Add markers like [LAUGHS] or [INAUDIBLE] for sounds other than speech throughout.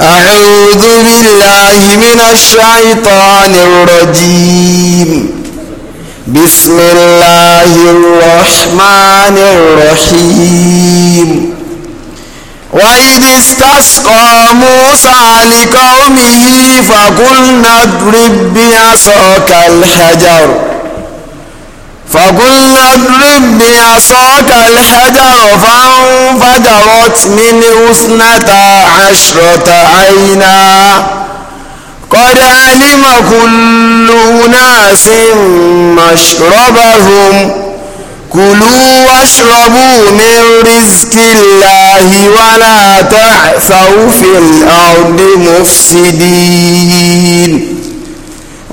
أعوذ بالله من الشيطان الرجيم بسم الله الرحمن الرحيم وإذ استسقى موسى لقومه فقلنا اضرب بعصاك الحجر فقل اضرب بعصاك الحجر فانفجرت منه اثنتا عشرة عينا قد علم كل أناس مشربهم كلوا واشربوا من رزق الله ولا تعثوا في الأرض مفسدين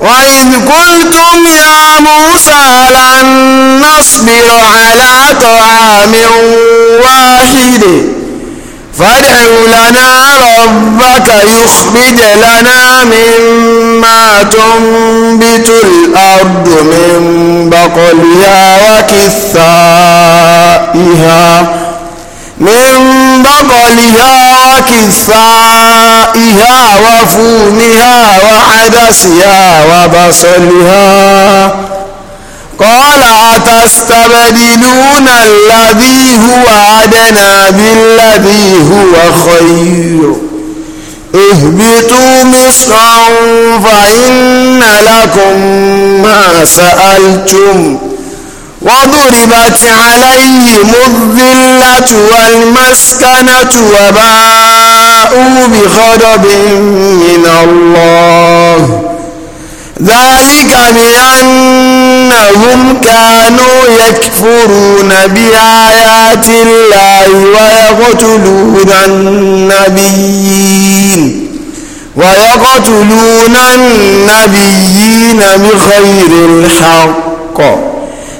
وإذ قلتم يا موسى لن نصبر على طعام واحد فادع لنا ربك يخرج لنا مما تنبت الأرض من بقلها وكثائها من بطلها وكثائها وفومها وعدسها وبصلها قال أتستبدلون الذي هو أدنى بالذي هو خير اهبطوا مصرا فإن لكم ما سألتم وضربت عليهم الذلة والمسكنة وباءوا بغضب من الله ذلك بأنهم كانوا يكفرون بآيات الله ويقتلون النبيين ويقتلون النبيين بغير الحق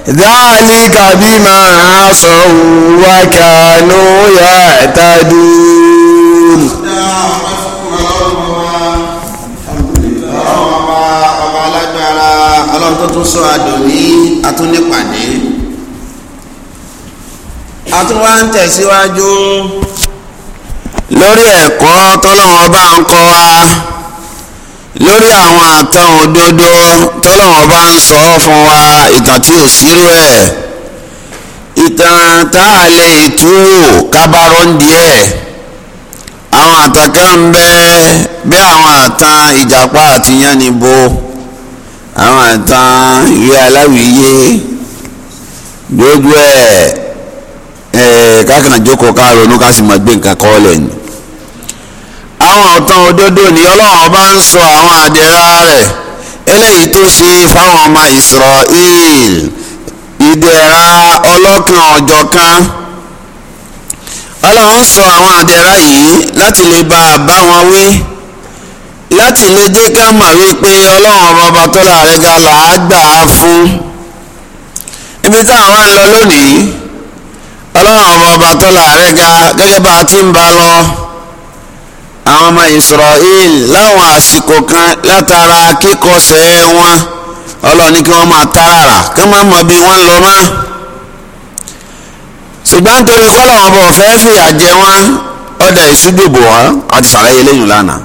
ذلك بما عصوا وكانوا يعتدون tó sọ àdòní atúnípàdé atúnwá ń tẹ̀síwájú lórí ẹ̀kọ́ tọ́lọ́wọ́n bá ń kọ́ wa. lórí àwọn àtàn òdodo tọ́lọ́wọ́n bá ń sọ fún wa ìtàn tí ò sírú ẹ̀ ìtàn tá a lè tú wò kábàárọ̀ ń díẹ̀ àwọn àtàn kan bẹ bí àwọn àtàn ìjàpá àti yánnibó àwọn àtàn ìwé aláwìyé gbogbo ẹ̀ ẹ̀ kákan jókòó ká ronú ká sì mọ̀ gbé nǹkan kọ́ lẹ́nu àwọn ọ̀tàn òdodo ni ọlọ́run bá ń sọ àwọn àdẹ̀rà rẹ̀ eléyìí tó ṣe fáwọn ọmọ Israel ìdẹ̀ra ọlọ́kan ọ̀jọ̀kan ọlọ́run sọ àwọn àdẹ̀rà yìí láti lè bá a bá wọn wí láti lè jẹ́ ká mọ̀ wípé ọlọ́run ọba tó láàrin ga là á gbà á fún ibi táwọn ń lọ lónìí ọlọ́run ọba tó láàrin ga gẹ́gẹ́ bá a ti ń bá lọ àwọn ọmọ Israel láwọn àsìkò kan látara kíkọsẹ̀ wọn ọlọ́ọ̀ni kí wọ́n máa táràrà kí wọ́n mọ bí wọ́n lọ mọ́ ṣùgbọ́n nítorí kọ́lọ̀ wọn bọ̀ fẹ́ fìyà jẹ wọn ọ̀dà ìṣúdòbò wọn àti sàlàyé lẹ́yìn lánàá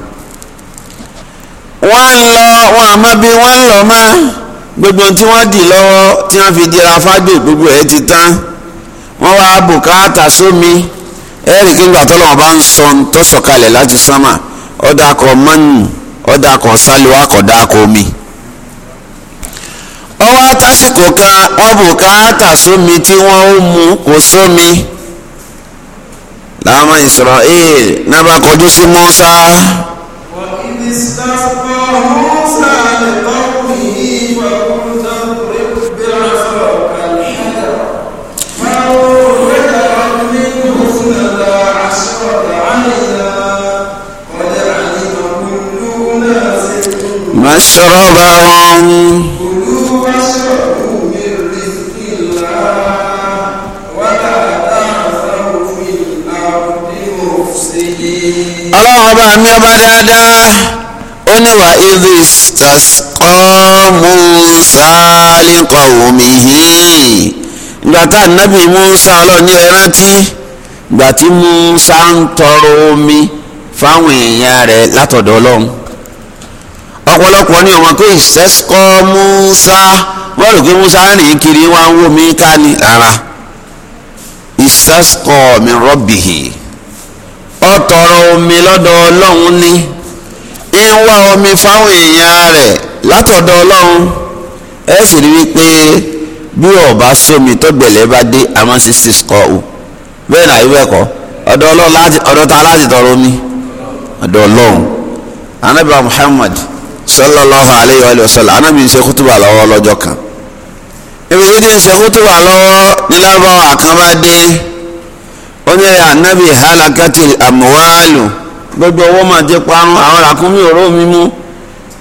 wọ́n ń lọ wọn àmọ́ bí wọ́n lọ mọ́ gbogbo tí wọ́n dì lọ́wọ́ tí wọ́n fi dira fájò gbogbo ẹ̀ ti tán wọ́n wá bùkátà sómi. So erik kí ngbà tọ́lọ́wọ́ bá ń sọ tó sọ̀kalẹ̀ láti sánmà ọ̀dà kọ mánù ọ̀dà kọ sálíwá akọ̀dà kọ omi. ọwọ́ atásìkò kan wọ́n bùkátà sómi tí wọ́n ń mu kò sómi. làwọn Israel náà bá kọjú sí wọ́n أسربهم كلوا واشربوا من رزق الله ولا تعثوا في الأرض مفسدين الله أبا أمي أبا دادا أني وإذ استسقى موسى لقومه ìgbà tá ànábì Musa ọlọ́ọ̀ni rẹ̀ rántí ìgbà tí Musa ń tọrọ omi fáwọn èèyàn rẹ̀ látọ̀dọ̀ Ọlọ́run ọ̀pọ̀lọpọ̀ ni wọn kò ìsẹ́sọ́ Musa wọ́n rò pé Musa rìn kiri wọn ń wo mi ká ní rárá mi rọ́bìhì tọrọ omi lọ́dọ̀ Ọlọ́run ní ń wá omi fáwọn èèyàn rẹ̀ látọ̀dọ̀ Ọlọ́run ẹ sì rí wípé bí ọba sómi tọ́gbẹ̀lẹ́ bá dé àmọ́ sí sísọ́ o bẹ́ẹ̀ náà ìwé ẹ̀kọ́ ọ̀dọ̀ Ọlọ́run ọ̀dọ̀ ta láti tọrọ omi ọ̀dọ̀ Ọlọ́run anábìá Muhammad sallallahu alayhi wa sallam anabi ń ṣe kútùbà lọ́wọ́ lọ́jọ́ kan ibi tí ń ṣe kútùbà lọ́wọ́ ní lábáwá àkàmádé ó ní ẹ̀yà anabi halakati amuwaalu gbogbo owó máa ti parun àwọn làkúnmí òró mi mú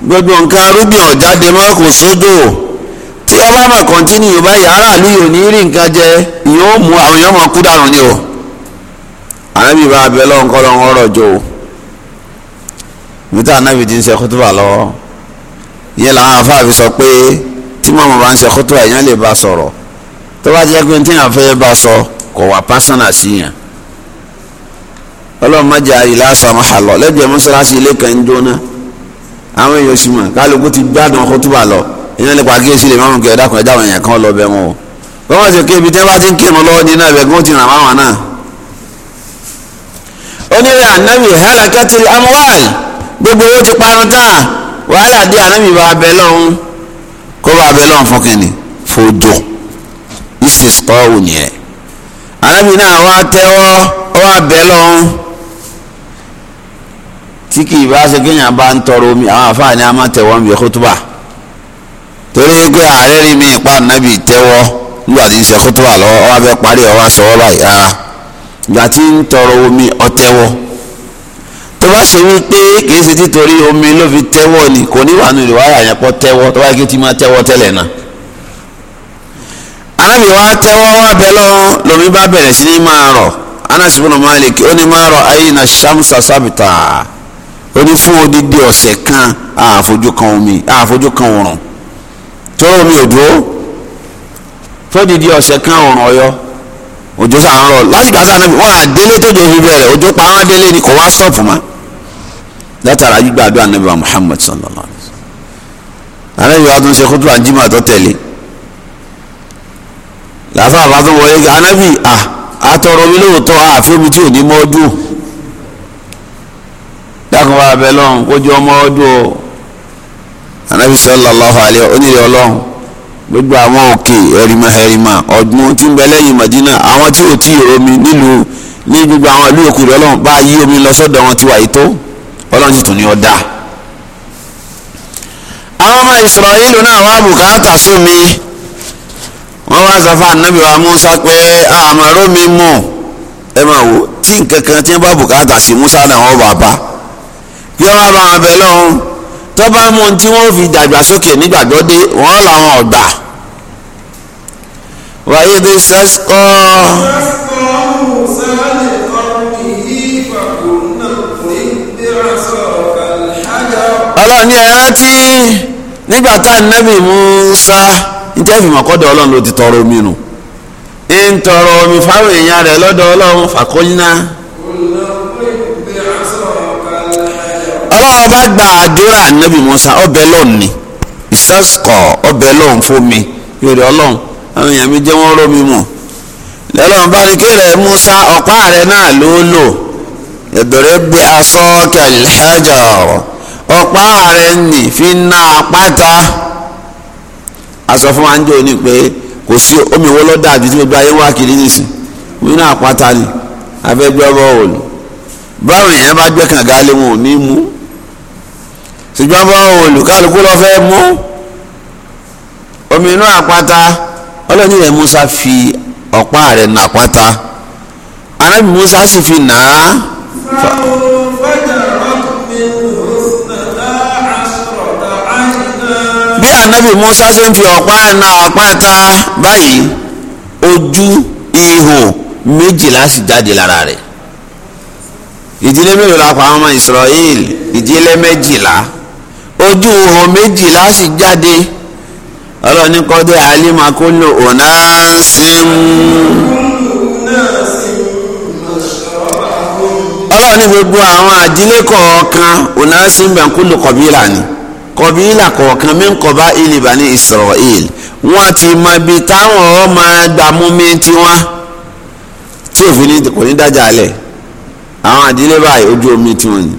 gbogbo nǹkan arúgbìn ọ̀jáde má sódò tí ẹ kọ́ntínú yorùbá yìí aráàlú yóò ní rí nǹkan jẹ yóò mú àwọn èèyàn kú dànù ni o anabi bá abẹ́ lọ́nkọ́ lọ́nkọ́ rọ̀ jò o níta anabi ti ń ṣe kútùbà lọ́wọ́ ìyẹn làwọn afáàfin sọ pé tí màmá bá ń ṣe kótó àyàn lè bá sọ̀rọ̀ tó bá jẹ́ pé tí yàn fẹ́ bá sọ kò wà pásánà sí yàn ọlọ́run má jẹ́ àyìnlá sàmú àlọ́ lẹ́gbẹ̀ẹ́ mọ́ṣáláṣí ilé kan ń jóná àwọn èèyàn sì mọ̀ kálukú ti gbádùn kótó bá lọ ìyẹn lè pàkíyèsí lè máa ń kẹ́ ẹ̀dá kan ẹ̀dá àwọn èèyàn kan lọ bẹ̀ wọn o wọ́n wọ́n ti ké ibi tẹ́ bá ti ń kírun lọ́wọ́ ní náà ẹ̀gbọ́n ti ràn wá náà. onírè ànábì hàlàkàtì amúwàl gbogbo owó ti parun tán wàhálà dé anábì bá abẹ lọ́hún kó bá abẹ lọ́hún fún kínní fòjò ìsìsítọ́wù nìyẹn anábì náà wá tẹ́wọ́ ó wá abẹ lọ́hún tí kì í bá ṣe kéèyàn bá ń tọrọ omi àwọn àfáàní a máa tẹ̀wọ́ mi kútùbà torí pé ààrẹ rí mi pa anábì tẹ́wọ́ nígbà tí ń ṣe kútùbà lọ́wọ́ ó wá fẹ́ parí ó wá sọ báyìí ah, ìgbà tí ń tọrọ omi ó tẹ́wọ́ tó bá ṣe wípé kìí ṣe títorí omi ló fi tẹ́wọ́ ni kò ní wà nílùú wàhálà yẹn pọ̀ tẹ́wọ́ tó bá yẹ kí ti máa tẹ́wọ́ tẹ́lẹ̀ náà. anábì wa tẹ́wọ́ wá bẹ́ẹ̀ lọ́wọ́ lomi bá bẹ̀rẹ̀ sí ní máa rọ̀ anasi bùnà malik ó ní máa rọ̀ ayé na shamsa sábìtà ó ní fún odidi ọ̀sẹ̀ kan àfojú omi àfojú kan tó omi òjò fódìdí ọ̀sẹ̀ kan òrùn ọ̀yọ́ òjò sàn rọ láti gbà sàn wọn àdélé tójó fi bẹ̀rẹ̀ òjò pa wọn délé ni kò wá sọ̀pù mọ́ látara gbígbà àdúrà nàbí wa Muhammad sallallahu alayhi wa sallam ànábì wa tún ṣe kótó àjímọ̀ tó tẹ̀lé làfà àbá tó wọlé gà ànábì à àtọrọ mi lóòótọ́ àfi omi tí ò ní mọ́ ọdún dákun wa abẹ́ lọ́hùn kójú ọmọ ọdún o sallallahu alayhi wa onílé ọlọ́hùn. gbogbo àwọn òkè ẹ̀rìmọ̀ ẹ̀rìmọ̀ ọdún tí ń bẹ lẹ́yìn Madina àwọn tí ò tí ì omi nílùú ní gbogbo àwọn ìlú òkú ọlọ́run bá yí omi lọ sọ́dọ̀ wọn ti wà yìí tó ọlọ́run sì tún ní àwọn ọmọ náà wá bùkátà Musa pé mi mọ̀ ẹ máa wò kan tí wọ́n bá bùkátà Musa náà wọ́n bàbá yọ bá wọn bẹ lọ́hùn. tó bá mú ohun tí wọ́n fi dàgbàsókè nígbàgbọ́ dé wọ́n làwọn ọ̀gbà wàyí bí sásìkò. ọlọ́ọ̀ni ẹ̀ rántí nígbà tá a nẹ́bì Musa njẹ́ ìfìmọ̀kọ́dọ̀ ọlọ́run ló ti tọrọ omi nù ń tọrọ omi fáwọn èèyàn rẹ̀ lọ́dọ̀ ọlọ́run fàkóyínà. ọlọ́run bá gba àdúrà níbi Musa ọbẹ̀ ni ìsásùkọ̀ ọbẹ̀ lọ́n fún mi yòrè ọlọ́run àwọn èèyàn mi jẹ́ wọ́n bá ní rẹ Musa ọ̀pá rẹ̀ náà ló lò gbé aṣọ nì fi ná apáta aṣọ fún wa ń òní pé kò sí omi dàbí tí nìsín omi náà apáta ni ṣùgbọ́n bá wọn olùkálukú lọ fẹ́ mú omi inú àpáta ọlọ́ni rẹ̀ Musa fi ọ̀pá rẹ̀ nà àpáta Musa sì fi nà á. bí Musa ṣe ń fi ọ̀pá nà báyìí ojú ihò méjìlá sì jáde lára rẹ̀ ìdílé àwọn ọmọ ojú ihò méjì láti jáde ọlọ́ni kọ́dé alimakolo onasin. ọlọ́ni gbogbo àwọn àdílé kọ̀ọ̀kan onasin bankulu kọ̀bílà ni kọ̀bílà kọ̀ọ̀kan mi ń kọ̀bá ìlìbà ní Israel wọ́n ti mọ ibi táwọn ọmọ gbàmú mi tiwọn tí òfin kò ní dájà lẹ̀ àwọn àdílé báyìí ojú omi tiwọn ni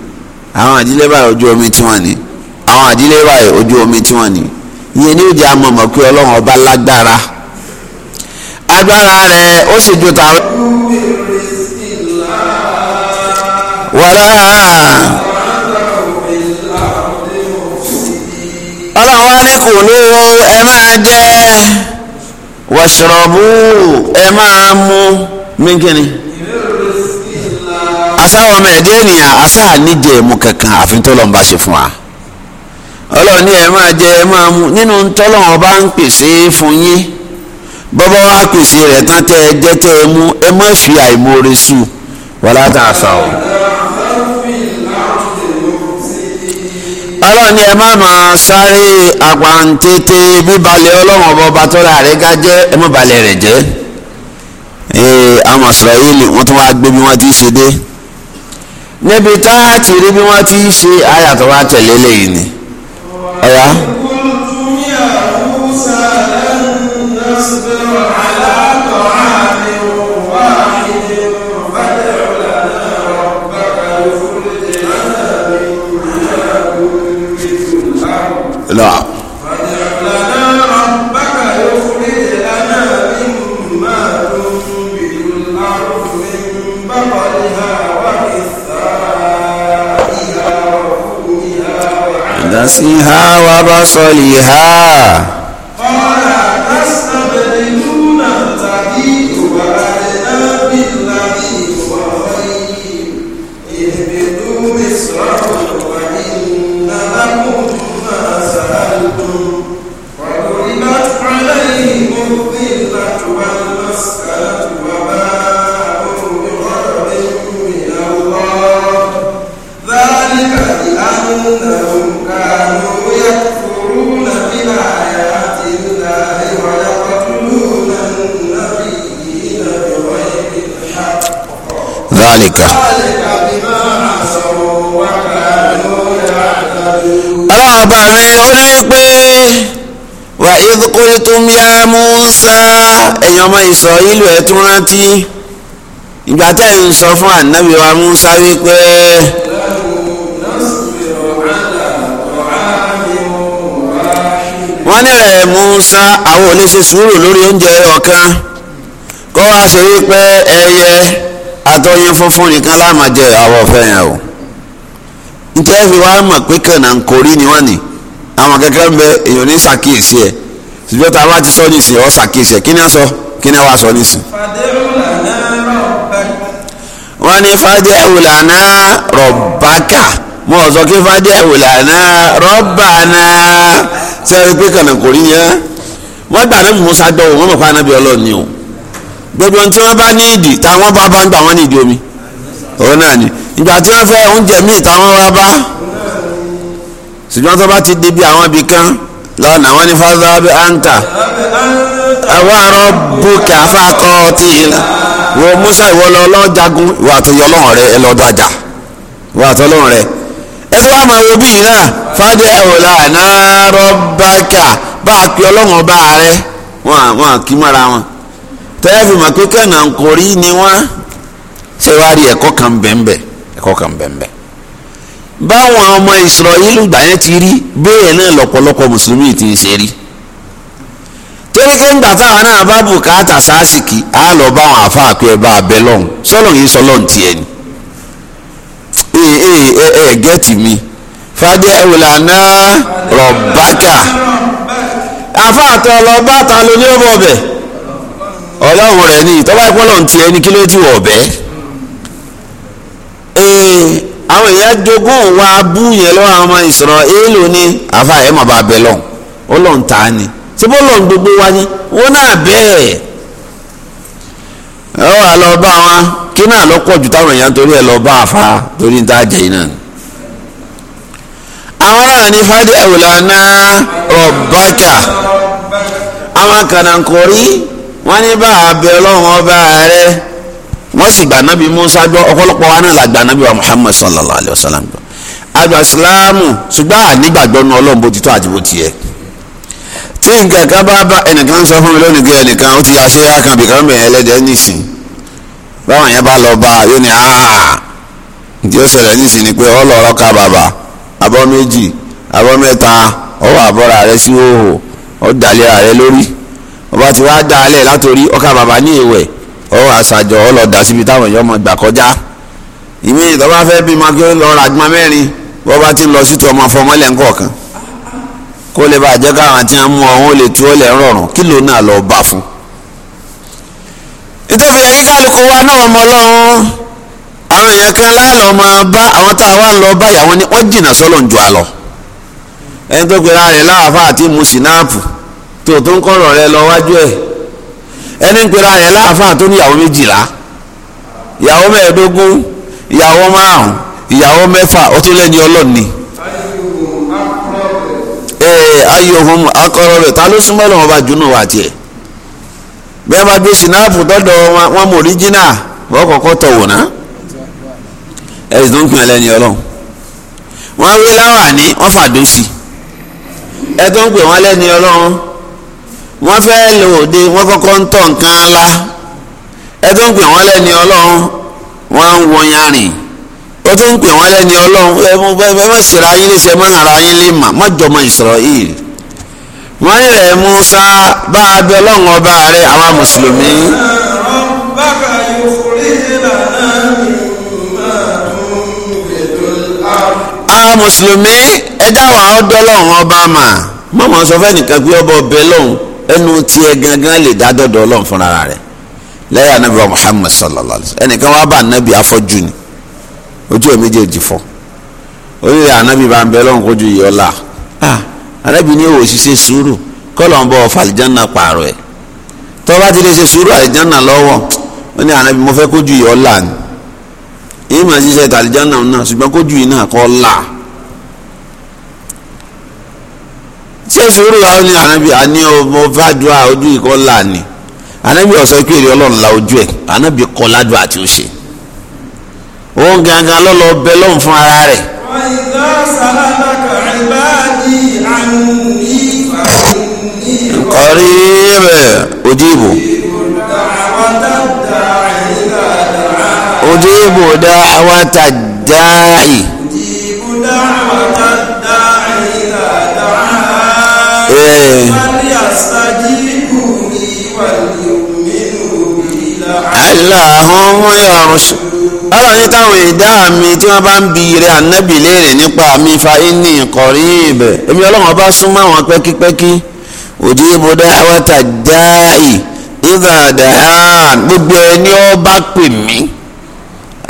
àwọn àdílé báyìí ojú omi tiwọn ni àwọn àdílé báyìí ojú omi tí wọ́n ní ìyẹn ní ìjà mọ̀mọ́ pé ọlọ́run ọba lágbára agbára rẹ̀ ó sì ju tàwọn. wọ́lá ọlọ́run wá ní kò ló ẹ máa jẹ wàṣọ̀rọ̀bù ẹ máa mú mínkìnnì asáwọn ọmọ ẹ̀jẹ̀ ènìyàn asá níjẹ̀ẹ́mú kankan àfi tó lọ́nba ṣe fún wa ọlọ́run ní ẹ máa jẹ ẹ máa mu nínú tọ́lọ́run ọba ń pèsè fún yín bọ́bá wa pèsè rẹ̀ tán tẹ́ ẹ jẹ́ tẹ́ ẹ mú ẹ má fi àìmoore sí i wàlá tá a sà o. ọlọ́run ní ẹ má máa sáré àpàǹtété bíbalẹ̀ ọlọ́run ọba ọba tọ́lá rẹ̀ ga ẹ má balẹ̀ rẹ̀ jẹ́ ee àwọn Israẹli wọ́n tún wáá gbé bí wọ́n ti ṣe dé níbi tá a ti rí bí wọ́n ti ṣe àyàtọ̀ wa tẹ̀lé lẹ́yìn ni. أيوة يا موسى لن نصبر على طعام واحد فادع ربك يخرج لنا مما تنبت الأرض رأسها وبصلها ọba mi ó pe pé wà ìdúkúlítún yá Musa ẹ̀yàn ọmọ Ísírẹ́lì ẹ̀ tún rántí ìgbà tẹ́ ń sọ fún ànábì wa Musa wípé. wọ́n ní rẹ̀ Musa àwọn ò lè ṣe sùúrù lórí oúnjẹ ọ̀kan kó wá wípé ẹyẹ. atọ funfun nìkan láàmà jẹ àwọ̀ ọ̀fẹ́ yẹn o fi wá mọ̀ pé kànáà ń ni wọn ni àwọn kẹ́kẹ́ ń bẹ èèyàn ní ṣàkíyèsí ẹ̀ ṣùgbọ́n tá bá ti sọ nísìn ọ ṣàkíyèsí ẹ̀ kí ni a sọ kí ni wá sọ ní fàdé sọ kí fàdé pé kànáà yẹn gbà musa o. gbogbo tí wọ́n bá ní ìdì táwọn bá bá ń gbà wọ́n ní ìdí omi òun náà ni ìgbà tí wọ́n fẹ́ oúnjẹ míì táwọn wá bá ṣùgbọ́n tó bá ti di bí àwọn ibì kan lọ́nà wọn ni fáwọn abẹ́ àǹtà àwọn àrọ bùkẹ́ afáàkọ́ tí ìlà wo musa ìwọ lọ lọ́jagun ìwà àtọyọ ọlọ́run rẹ ẹ lọ dájà ìwà àtọ ọlọ́run rẹ ẹ wá máa wo bíi náà fàdé ẹwòlá náà rọ bá a pe ọlọ́run ọba rẹ wọn à kí mọ́ra wọn. tẹ́ẹ̀fì mọ̀ pé na nkórí ni wọ́n ṣe wá rí ẹ̀kọ́ kan bẹ́ẹ̀nbẹ́ ẹ̀kọ́ kan bẹ́ẹ̀nbẹ́ báwọn ọmọ ìsirọ̀yìlú gbà yẹn ti rí bẹ́ẹ̀ náà lọ́pọ̀lọpọ̀ mùsùlùmí ti ṣe rí torí pé ńgbà táwọn náà bá bùkátà sásìkì á lọ bá àwọn àfáà pé ẹ bá abẹ lọ́hùn sọ́lọ́ yìí sọ́lọ́ ń tiẹ̀ ni ee ee ẹ gẹ́tì mi fàjẹ́ ìwòlànà rọ̀bákà àfáà tó lọ bá ta ọ̀bọ̀ bẹ́ẹ̀. ọlọ́run rẹ̀ ni ìtọ́wá ìpọ́nlọ̀ ń tiẹ̀ ní kí ló ti wọ̀ ee eh, àwọn èèyàn jogún wa bú yẹn lọ́wọ́ àwọn ọmọ èèlò ni àfa ẹ̀ mọ̀ bá bẹ lọ ọlọ́run ta ni ṣé bó lọ́n gbogbo wa ni wọn náà bẹ́ẹ̀. bá wọn kí náà pọ̀ táwọn èèyàn torí wọ́n ní bá a bẹ ọlọ́run ọba rẹ wọ́n sì musa gbọ́ ọ̀pọ̀lọpọ̀ wa náà la gbà nábì wa muhammad sallallahu alayhi wa sallam gbọ́ àgbà sílámù ṣùgbọ́n ànígbàgbọ́ nu ọlọ́run bó ti tó àti bó ti yẹ tí nǹkan kan bá bá ẹnìkan sọ fún mi lónìí ẹnìkan ó ti yà ṣe kan bìkan bẹ̀rẹ̀ ẹlẹ́dẹ̀ nísìn báwọn yẹn bá lọ bá a yóò ní ǹtí ó ṣẹlẹ̀ ọba ti wá dá alẹ̀ látòrí ọkà bàbá ní ìwẹ̀ ọ àṣàjọ ọlọ́dà síbi táwọn èèyàn mọ̀ gbà kọjá ìmí ìtọ́ba fẹ́ bímọ kí ó lọ ràgbọ́n mẹ́rin bọ́ba ti ń lọ sítú ọmọ afọmọ́lẹ̀ ńkọ̀ọ̀kan kó lè bá àjẹká àwọn tí wọ́n mú ọ̀hún lè tú ọ̀lẹ̀ rọrùn kí ló náà lọ bà fún. nítorí ẹ̀yìn kálukú wa náà mọ lọ́wọ́ àwọn èèyàn kan láàlọ́ máa bá àwọn tá a wá ń lọ báyà wọn ni wọ́n jìnnà sọ́lọ́ ń ju àlọ́ ẹni tó gbéra rẹ̀ láàfáà tí mo sì náà pù tó tó ń kọ́rọ̀ rẹ lọ wájú ẹ̀ ẹni ń pera yẹn láàfáà tó ní ìyàwó méjìlá ìyàwó mẹ́ẹ̀ẹ́dógún ìyàwó márùn ìyàwó mẹ́fà ó tún lẹ́ni ọlọ́ọ̀ni. ee ayohun akọrọ ta ló súnmọ́ lọ́wọ́ bá jùnú wa tiẹ̀ bí a gbé sinapu dọ́dọ̀ wọn mọ oríjìnà wọ́n kọ́kọ́ tọ̀ wò ẹ̀sìn tó ń pin ẹlẹ́ni ọlọ́run wọ́n ní wọ́n wọ́n fẹ́ lò òde wọ́n kọ́kọ́ ń tọ̀ nǹkan ala ẹ tó ń pè wọ́n lẹ́ni ọlọ́run wọ́n ń wọ tó ń pè wọ́n lẹ́ni ọlọ́run ẹ ara ayiri lè mà mọ wọ́n Musa bá a bẹ ọlọ́run ọba mùsùlùmí. mùsùlùmí ẹ ọlọ́run ọba mà mọ̀mọ́ sọ ẹnu tiẹ̀ gangan lè dá dọ́dọ̀ ọlọ́run fúnra rẹ̀ anabi muhammed sallallahu alayhi wa sallam ẹnìkan bá anabi ni ojú ẹ̀ méjèèjì anabi bá ń bẹ lọ́run kojú yìí ọ̀la anabi ní òwò ṣiṣẹ́ sùúrù kọ́lọ̀ ń bọ̀ ọ̀fà àlìjánná pààrọ̀ ẹ̀ ti lè ṣe sùúrù àlìjánná lọ́wọ́ ó anabi mo fẹ́ kojú yìí ọ̀la ni ṣiṣẹ́ náà ṣùgbọ́n kojú yìí náà kọ́ ọ̀la ṣe sùúrù yàrá ní ànábì àní ọmọ fàdúrà ojú ìkọ́ là ní ànábì ọ̀sọ́ kí èrè ọlọ́run la ojú ẹ̀ ànábì kọ́ ládùá àti òṣè òun gangan lọ́lọ́ bẹ lọ́hùn fún ara rẹ̀. kọ́rí bẹ̀ ojú ìbò ojú ìbò dá àwọn tàdáì. ojú aláhùnmọ́ yàrùsù ọlọ́run ní táwọn ẹ̀dá mi tí wọ́n bá ń bi rẹ̀ ànábì léèrè nípa mi fa iní ìkọ̀rí ibẹ̀ èmi ọlọ́run bá súnmọ́ àwọn pẹ́kípẹ́kí òdì ibodà àwọ̀tà dáì ìdá àdáhàn gbogbo ẹni ó bá pè mí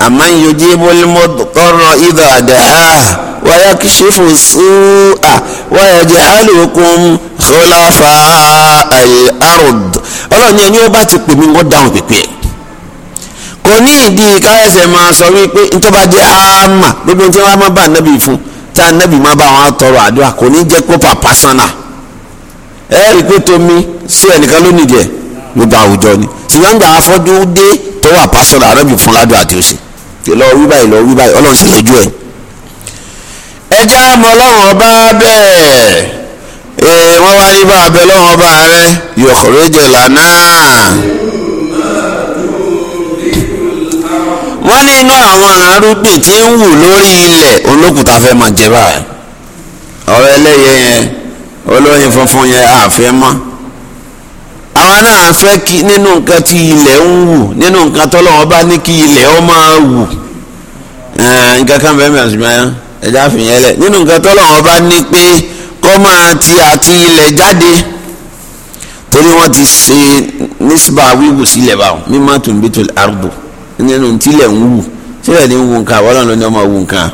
àmọ́ ìyójì ibodà ìdá àdáhàn. ويكشف السوء ويجعلكم خلفاء الأرض ọlọ́run ní ẹni ó bá ti pè mí wọ́n dáhùn pèpè ẹ̀ kò ní ìdí káyọ̀sẹ̀ máa sọ wípé ntọ́ba jẹ́ àmà gbogbo tí wọ́n á máa bá ànábì fún tá ànábì máa bá wọn tọrọ àdúrà kò ní jẹ́ proper personal ẹ rí i pé tomi sí ẹnìkan ló nìjẹ gbogbo àwùjọ ni ṣùgbọ́n gbà dé tó wà personal ànábì fún ládùúgbò àti òsì lọ wí lọ wí báyìí ọlọ́run sì lójú ẹjẹ́ àmọ́ ọlọ́run ọba bẹ́ẹ̀ ee wọ́n wá bá abẹ ọba rẹ yọ̀kọ̀rẹ́jẹ̀ lánàá. wọ́n ní inú àwọn arúgbìn tí ń wù lórí ilẹ̀ olókùúta fẹ́ máa jẹ báyìí ọ̀rọ̀ ẹlẹ́yẹ yẹn olóyin funfun yẹn mọ́ àwa náà fẹ́ kí nínú nǹkan tí ilẹ̀ ń wù nínú nǹkan bá ní kí ilẹ̀ ẹja fìyẹn lẹ̀ nínú nǹkan tọ́lọ́wọ́ bá ní pé kọ́ máa ti àti ilẹ̀ jáde torí wọ́n ti ṣe nísìbà wíwù sílẹ̀ báwọn mímọ́ tó ń bí tó arúgbó nínú tílẹ̀ ń wù tílẹ̀ ní wù nǹkan ọlọ́run ló ní ọmọ wù nǹkan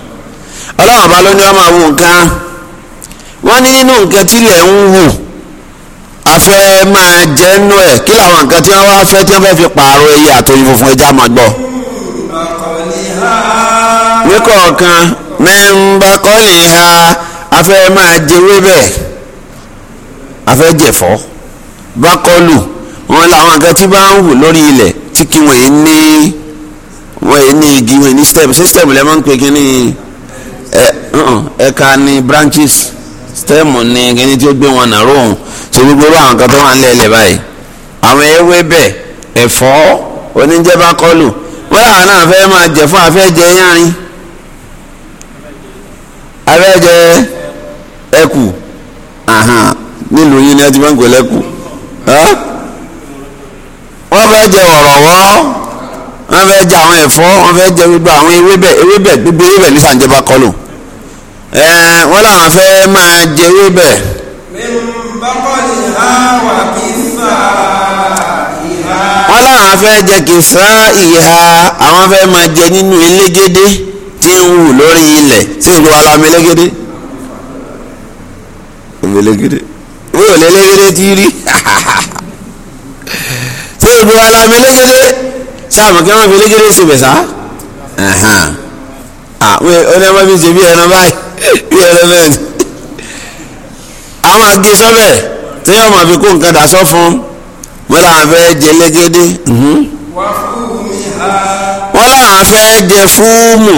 ọlọ́run bá ló ní ọmọ wù nǹkan wọ́n ní nínú nǹkan tílẹ̀ ń wù afẹ́ máa jẹ́ nú ẹ̀ kí làwọn nǹkan tí wọ́n wá fẹ́ tí wọ́n fẹ́ fi pààrọ̀ eyín àtòyìn funfun ẹja máa gbọ́. ní kọ̀ọ̀kan mẹ́ńbàkọ́lì ha afẹ́ máa jẹwé bẹ́ẹ̀ afẹ́ jẹ̀fọ́ bákọ́lù wọn làwọn kan tí bá ń wù lórí ilẹ̀ tí kí wọ́n yìí ní wọ́n yìí ní igi wọ́n yìí ní stem system lẹ́mọ̀ ń pè kí ni uh-uh, ẹ̀ka ni branches stem ni kíni tí ó gbé wọn nàró òun ṣe gbogbo irú àwọn kan tó wà ń lẹ́lẹ̀ báyìí àwọn ewé bẹ́ẹ̀ ẹ̀fọ́ oníjẹ́ bákọ́lù wọ́n làwọn náà fẹ́ máa jẹ̀fọ́ afẹ́ jẹ yánrin abẹ́jẹ ẹkù ahàn nílùú yín ni ẹ ti máa ń gbé lẹ́kù wọ́n fẹ́ jẹ ọ̀rọ̀wọ́ wọ́n fẹ́ jẹ àwọn ẹ̀fọ́ wọ́n fẹ́ jẹ gbogbo àwọn ewébẹ̀ ewébẹ̀ gbogbo ewébẹ̀ ní sàǹjẹba kọlù wọ́n làwọn fẹ́ máa jẹ ewébẹ̀. wọ́n làwọn fẹ́ jẹ kìsà ìhà àwọn fẹ́ máa jẹ nínú elégédé tí ń wù lórí ilẹ̀ tí ń gbọ́ ara mẹlẹ́gẹ́dẹ́ mẹlẹ́gẹ́dẹ́ wọ́n ò lẹ́lẹ́gẹ́dẹ́ ti rí [LAUGHS] tí ń gbọ́ ara mẹlẹ́gẹ́dẹ́ sáàmù kí wọ́n mẹlẹ́gẹ́dẹ́ sì bẹ̀ sá àwọn onímọ̀ fi ṣe bí ẹran báyìí [LAUGHS] bí ẹran náà ni àwọn àgé e sọ́bẹ̀ tí wọ́n máa fi kó nǹkan dà sọ́ fún wọn làwọn fẹ́ jẹ lẹ́gẹ́dẹ́ wọ́n làwọn fẹ́ jẹ fúùmù.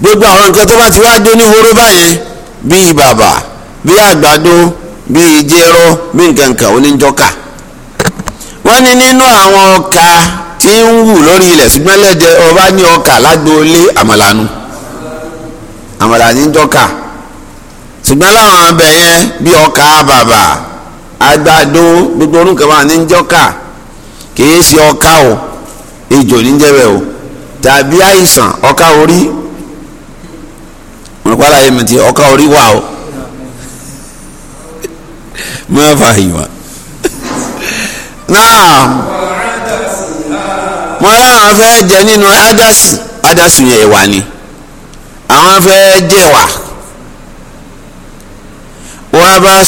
gbogbo àwọn nǹkan tó bá ti wá dé ní bi báyẹn bíi bàbà bíi àgbàdo bíi jéró bíi nǹkan kan wọ́n ní nínú àwọn ọkà tí ń wù lórí ilẹ̀ ṣùgbọ́n lẹ́jẹ̀ ọba ní ọkà lágbóolé àmàlànú àmàlà ní ṣùgbọ́n láwọn abẹ yẹn bíi ọkà bàbà gbogbo orúkọ ní kì í ṣe ọkà o ejò níjẹ́ bẹ́ẹ̀ o tàbí àìsàn bala yẹ mẹtẹ ọka orí wa o mẹ fà yìí wa náà wọn làwọn fẹ́ jẹ nínú adasi adasi yẹn wà ní àwọn fẹ́ jẹ wà wọ́n bá ha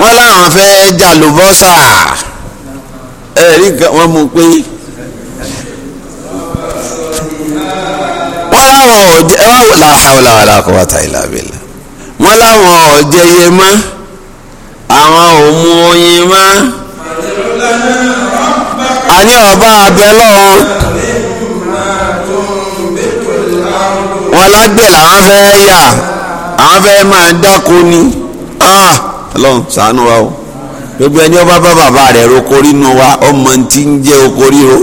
wọ́n làwọn fẹ́ jalùbọ́sà ẹ̀rí wọ́n mú pé. ọ̀jẹ́ ẹ wá la hawla wala quwwata illa billah wọ́n láwọn ọ̀jẹ́ yẹ mọ́ àwọn òmu oyin mọ́ àní ọba abẹ lọ́wọ́ wọn lágbè làwọn fẹ́ yà àwọn fẹ́ máa dáko ni ah, ọlọ́run ṣàánú wa o gbogbo ẹni ọba bá bàbá rẹ̀ roko rínú wa ọmọ ti ń jẹ́ oko ríro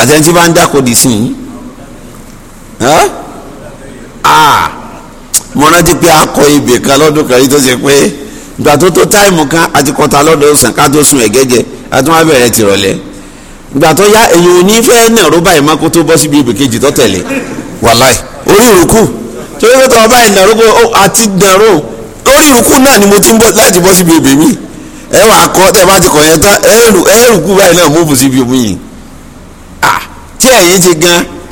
àtẹ̀ntì bá ń dáko dì sí yìí. Ah, mo rántí pé a kọ ibè kan lọ́dún kan yìí tó ṣe pé ìgbà tó tó táìmù kan àti kọta lọ́dún sàn ká tó sun ẹ̀gẹ́jẹ a tún wá bẹ̀rẹ̀ tìrọ̀lẹ́ ìgbà tó yá èyí ò ní fẹ́ náà ró báyìí má kó tó bọ́ síbi ibè kejì tó tẹ̀lé wàláì orí ìrùkù torí tọ́ báyìí àti orí ìrùkù náà ni mo ti ń bọ̀ láti bọ́ síbi ibè mi ẹ wà kọ́ tẹ́ bá ti kọ̀ yẹn tán ẹ̀rù ẹ̀rù báyìí náà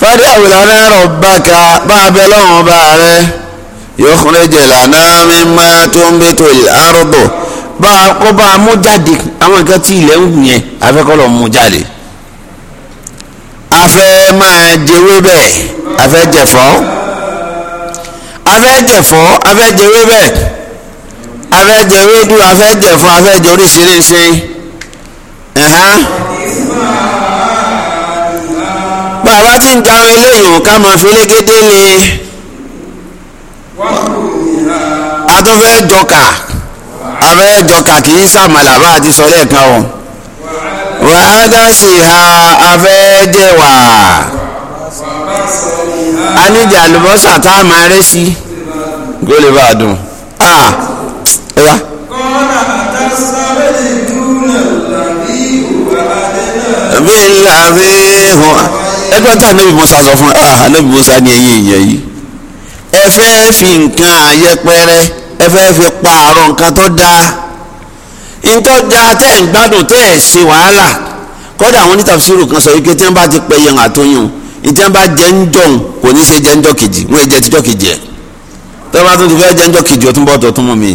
fàdí àwìlànà rọ̀bàkà bá a bẹ lọ́wọ́n bá rẹ yọkùnrin jẹ̀lá náà mi máa tó ń bẹ tó àrùbọ̀ bá a kọ́ bá a mú jáde àwọn nǹkan tí ilẹ̀ ń hù yẹn afẹ́kọ́lọ̀ mú jáde. afẹ́ máa jẹwé bẹ́ẹ̀ afẹ́ jẹ̀fọ́ afẹ́ jẹ̀fọ́ afẹ́ jẹwé bẹ́ẹ̀ afẹ́ jẹwé dùn afẹ́ jẹ̀fọ́ afẹ́ jẹ oríṣiríṣi bá ti ń tàwọn eléyìí ká máa fi légédé lé atọ́fẹ́ jọkà afẹ́ jọkà kì í sàmàlà bá a ti sọ lẹ́ẹ̀kan o wàhádà sí ha afẹ́ jẹ̀wà anídìí àlùbọ́sà tá a máa rẹ́ sí kó bá a dùn. kọ́nà àtàsáwé ìdúró náà ẹgbẹ́ tá anabi musa sọ fún ah anabi musa ni ẹ̀yin èèyàn yìí ẹ fẹ́ fi nǹkan àyẹpẹrẹ ẹ fẹ́ fi pààrọ̀ nǹkan tó dáa nǹkan dáa tẹ́ ń gbádùn tẹ́ ẹ̀ ṣe wàhálà kódà àwọn onítàfsírù kan sọ wípé tí wọ́n bá ti pẹ yẹn àtúnyùn ìtí wọ́n bá jẹ́ ń jọ̀hún kò ní ṣe jẹ́ ń jọ́ kejì wọ́n èjẹ́ tíjọ́ kejì ẹ̀ tọ́ bá tún ti fẹ́ jẹ́ ń jọ́ kejì ọtún bọ́ tún mọ́ mi.